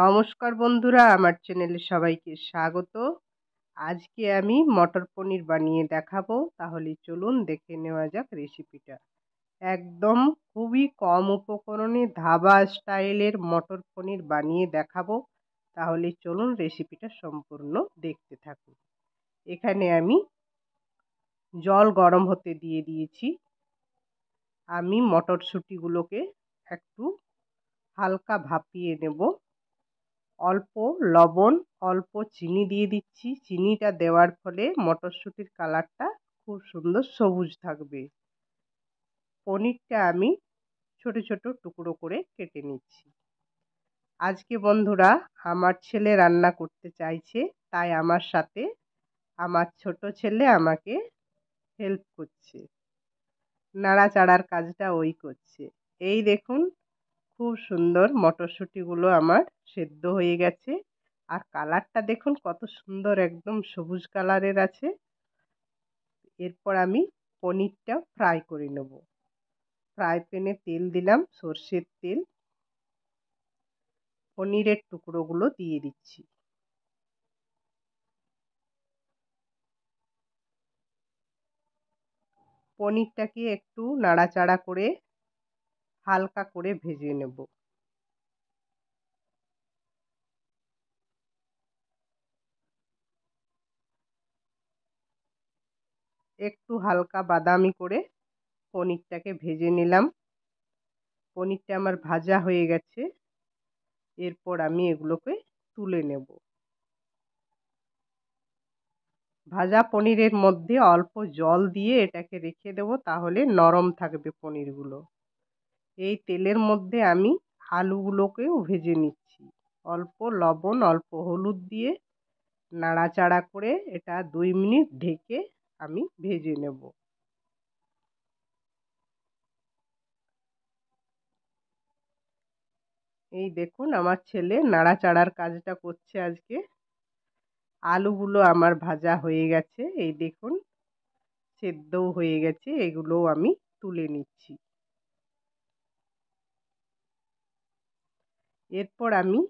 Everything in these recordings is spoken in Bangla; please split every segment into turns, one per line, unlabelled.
নমস্কার বন্ধুরা আমার চ্যানেলে সবাইকে স্বাগত আজকে আমি মটর পনির বানিয়ে দেখাবো তাহলে চলুন দেখে নেওয়া যাক রেসিপিটা একদম খুবই কম উপকরণে ধাবা স্টাইলের মটর পনির বানিয়ে দেখাবো তাহলে চলুন রেসিপিটা সম্পূর্ণ দেখতে থাকুন এখানে আমি জল গরম হতে দিয়ে দিয়েছি আমি মটরশুঁটিগুলোকে একটু হালকা ভাপিয়ে নেব অল্প লবণ অল্প চিনি দিয়ে দিচ্ছি চিনিটা দেওয়ার ফলে মটরশুঁটির কালারটা খুব সুন্দর সবুজ থাকবে পনিরটা আমি ছোট ছোট টুকরো করে কেটে নিচ্ছি আজকে বন্ধুরা আমার ছেলে রান্না করতে চাইছে তাই আমার সাথে আমার ছোট ছেলে আমাকে হেল্প করছে নাড়াচাড়ার কাজটা ওই করছে এই দেখুন খুব সুন্দর মটরশুঁটিগুলো আমার সেদ্ধ হয়ে গেছে আর কালারটা দেখুন কত সুন্দর একদম সবুজ কালারের আছে এরপর আমি পনিরটা ফ্রাই করে নেব ফ্রাই প্যানে তেল দিলাম সর্ষের তেল পনিরের টুকরোগুলো দিয়ে দিচ্ছি পনিরটাকে একটু নাড়াচাড়া করে হালকা করে ভেজে নেব একটু হালকা বাদামি করে পনিরটাকে ভেজে নিলাম পনিরটা আমার ভাজা হয়ে গেছে এরপর আমি এগুলোকে তুলে নেব ভাজা পনিরের মধ্যে অল্প জল দিয়ে এটাকে রেখে দেব তাহলে নরম থাকবে পনিরগুলো এই তেলের মধ্যে আমি আলুগুলোকেও ভেজে নিচ্ছি অল্প লবণ অল্প হলুদ দিয়ে নাড়াচাড়া করে এটা দুই মিনিট ঢেকে আমি ভেজে নেব এই দেখুন আমার ছেলে নাড়াচাড়ার কাজটা করছে আজকে আলুগুলো আমার ভাজা হয়ে গেছে এই দেখুন সেদ্ধও হয়ে গেছে এগুলোও আমি তুলে নিচ্ছি এরপর আমি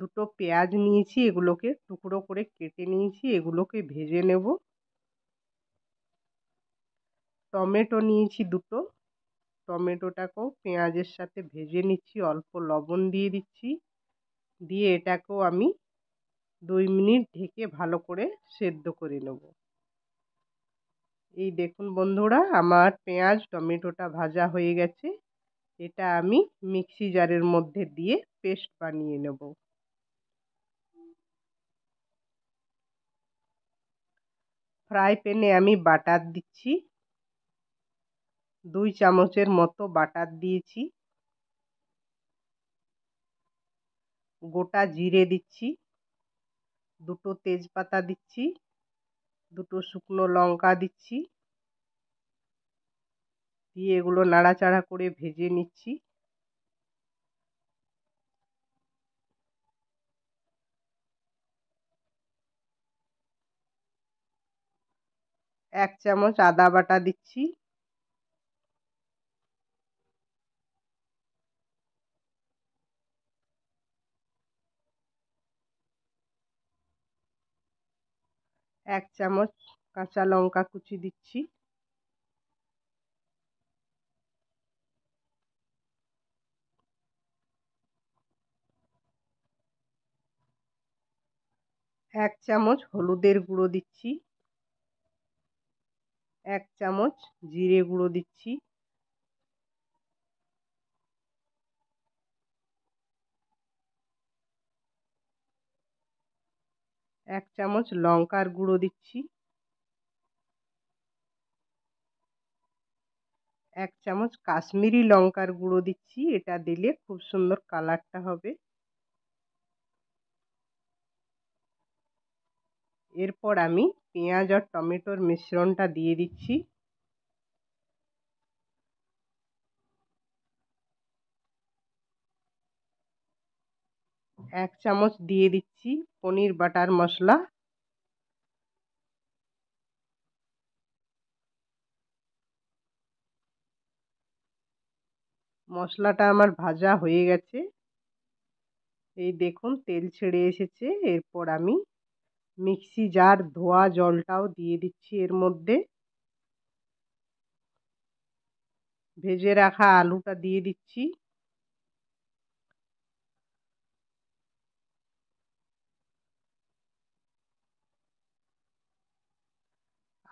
দুটো পেঁয়াজ নিয়েছি এগুলোকে টুকরো করে কেটে নিয়েছি এগুলোকে ভেজে নেব টমেটো নিয়েছি দুটো টমেটোটাকেও পেঁয়াজের সাথে ভেজে নিচ্ছি অল্প লবণ দিয়ে দিচ্ছি দিয়ে এটাকেও আমি দুই মিনিট ঢেকে ভালো করে সেদ্ধ করে নেব এই দেখুন বন্ধুরা আমার পেঁয়াজ টমেটোটা ভাজা হয়ে গেছে এটা আমি মিক্সি জারের মধ্যে দিয়ে পেস্ট বানিয়ে নেব ফ্রাই প্যানে আমি বাটার দিচ্ছি দুই চামচের মতো বাটার দিয়েছি গোটা জিরে দিচ্ছি দুটো তেজপাতা দিচ্ছি দুটো শুকনো লঙ্কা দিচ্ছি দিয়ে এগুলো নাড়াচাড়া করে ভেজে নিচ্ছি এক চামচ আদা বাটা দিচ্ছি এক চামচ কাঁচা লঙ্কা কুচি দিচ্ছি এক চামচ হলুদের গুঁড়ো দিচ্ছি এক চামচ জিরে গুঁড়ো দিচ্ছি এক চামচ লঙ্কার গুঁড়ো দিচ্ছি এক চামচ কাশ্মীরি লঙ্কার গুঁড়ো দিচ্ছি এটা দিলে খুব সুন্দর কালারটা হবে এরপর আমি পেঁয়াজ আর টমেটোর মিশ্রণটা দিয়ে দিচ্ছি এক চামচ দিয়ে দিচ্ছি পনির বাটার মশলা মশলাটা আমার ভাজা হয়ে গেছে এই দেখুন তেল ছেড়ে এসেছে এরপর আমি মিক্সি জার ধোয়া জলটাও দিয়ে দিচ্ছি এর মধ্যে ভেজে রাখা আলুটা দিয়ে দিচ্ছি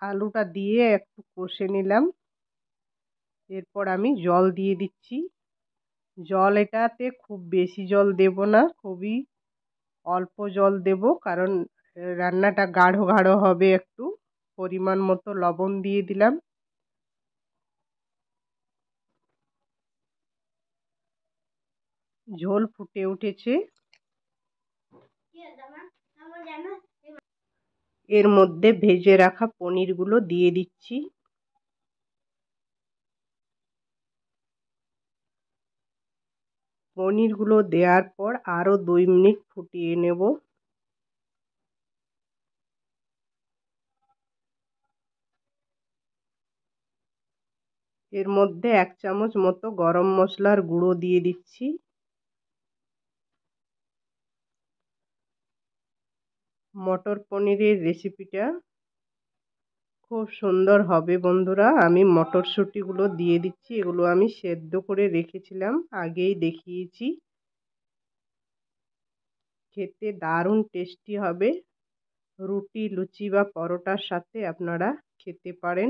আলুটা দিয়ে একটু কষে নিলাম এরপর আমি জল দিয়ে দিচ্ছি জল এটাতে খুব বেশি জল দেব না খুবই অল্প জল দেব কারণ রান্নাটা গাঢ় গাঢ় হবে একটু পরিমাণ মতো লবণ দিয়ে দিলাম ঝোল ফুটে উঠেছে এর মধ্যে ভেজে রাখা পনিরগুলো দিয়ে দিচ্ছি পনিরগুলো দেওয়ার পর আরও দুই মিনিট ফুটিয়ে নেব এর মধ্যে এক চামচ মতো গরম মশলার গুঁড়ো দিয়ে দিচ্ছি মটর পনিরের রেসিপিটা খুব সুন্দর হবে বন্ধুরা আমি মটরশুঁটিগুলো দিয়ে দিচ্ছি এগুলো আমি সেদ্ধ করে রেখেছিলাম আগেই দেখিয়েছি খেতে দারুণ টেস্টি হবে রুটি লুচি বা পরোটার সাথে আপনারা খেতে পারেন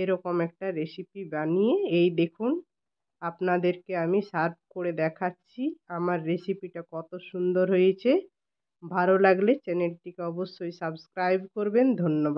এরকম একটা রেসিপি বানিয়ে এই দেখুন আপনাদেরকে আমি সার্ভ করে দেখাচ্ছি আমার রেসিপিটা কত সুন্দর হয়েছে ভালো লাগলে চ্যানেলটিকে অবশ্যই সাবস্ক্রাইব করবেন ধন্যবাদ